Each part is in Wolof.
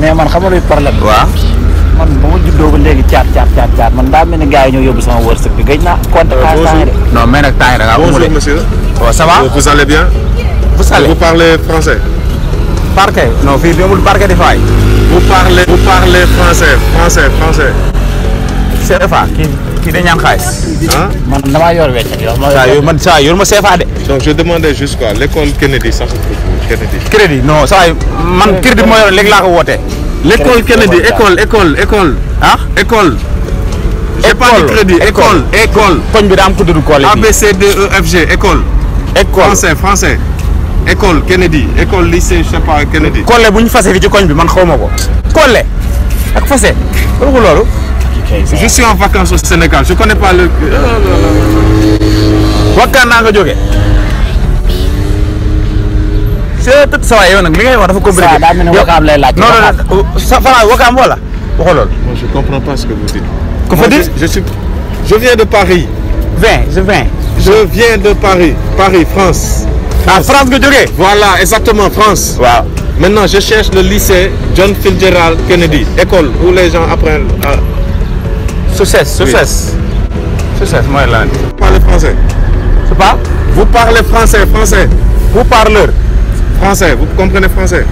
mais man xam nga luy problème. waaw man ba ma juddoo ba léegi caat caat caat man daa mel ni yi ñoo yóbbu sama wërsëg bi gëj naa compter. xaalis euh, temps de non mais nag temps yi da ngaa amul de bonjour monsieur. waaw ça va euh, vous bien. vous allez vous parlez français. parquet non fii bi amul parquet di faay. vous parlez vous parlez français français français. kii kii dañu ñaan xaalis. saa yor man saa yor ma CFA de. donc je demandais juste quoi l'école Kennedy sax Kennedy. man crédit moo yor léegi laa ko wootee. l'école Kennedy école école école. ah école. j'ai pas koñ bi daa am kudd koole bi A B C D E F école. école français français. école Kennedy école lycée je Kennedy. Kole bu ñu fase fi ci koñ bi man xaw ma ko. Kole ak fase loolu. je suis en vacances au Sénégal je connais pas le. wakkaan naa nga jógee. c'est tout ça waaye yow nag li ngay wax dafa compliqué. ça daa mel ni wakaam lay laaj. non non sa Fara wakaam euh, wala waxoo je comprends pas ce que vous dites. je viens de Paris. vingt je viens de Paris Paris France. ah France nga voilà exactement France. maintenant je cherche le lycée John Fitzgerald Kennedy école où les gens apprennent à. Succès, succès. Succès, mooy lan. Vous parlez français. C'est pas? Vous parlez français, français. Vous parlez français, vous comprenez français.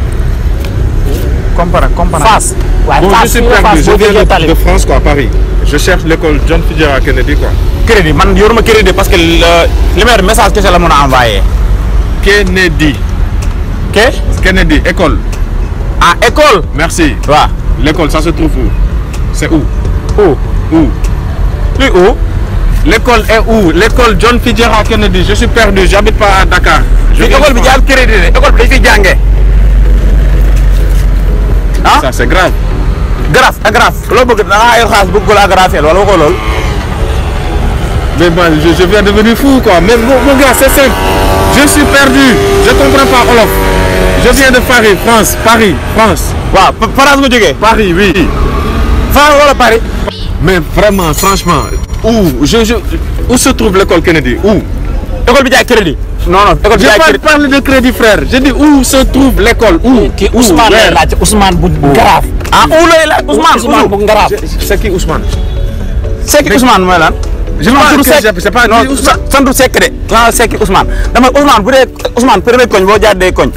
Comprenez, comprenez. Face. Ouais, bon, face, je suis perdu, je cherche l'école John Fitzgerald Kennedy quoi. Crédit, man yoruma crédit parce que le meilleur message que c'est la mën a envoyé. Kennedy. Ke? Kennedy, école. Ah, école. Merci. Waaw. L'école ça se trouve où? C'est où? Où? où Plus haut, l'école est où L'école John Fitzgerald Kennedy, je suis perdu, j'habite pas à Dakar. L'école Fitzgerald Kennedy, l'école Fitzgerald ah c'est grave. grâce ak grâce loo bëgg da ngaa yor xaalis bëgg ko la agrafeel wala waxoo loolu. mais man je je viens devenir fou quoi mais mon mon gars je suis perdu je comprends pas olof. je viens de Paris France Paris France. waaw France nga jógee. Paris oui. France wala Paris. mais vraiment franchement où je je où se trouve l'école Kennedy où. école bi jaay crédit. non non école bi jaay crédit je parle de crédit frère kii Ousmane lay bu Ngaraaf. ah où lay laaj Ousmane Ousmane bu Ngaraaf. c'est qui Ousmane. c'est qui Ousmane mooy lan. je sais pas non santu Seck de. waaw c'est qui Ousmane dama Ousmane bu dee koñ boo jaar dee koñ.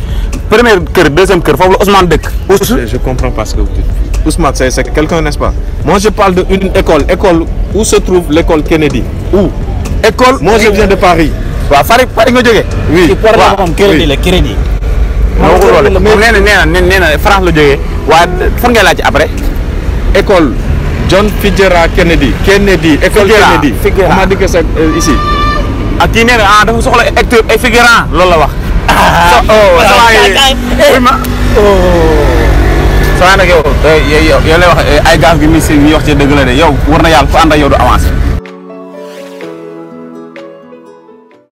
première kër deuxième kër foofu la Ousmane dëkk. Ousmane je comprends pas ce que vous dites. Ousmane c'est c'est quelqu'un nest pas. moi parle de une école école où se trouve l'école Kennedy. où école. moi je viens de Paris. waaw Paris Paris nga jógee. oui ci port la moom Kennedy la Kennedy. moo ko loole mais nee na nee na nee ngay laaj après. école John Fitzgerald Kennedy. Kennedy école Kennedy. Fitzgerald on m'a euh, ah, na ah dafa acteur et figurant loolu la wax. sa waay nag yow yow lay wax ay gaaf gi mi si ñuy wax ci dëgg la de yow war na yàlla ku ànd ak yow du avancé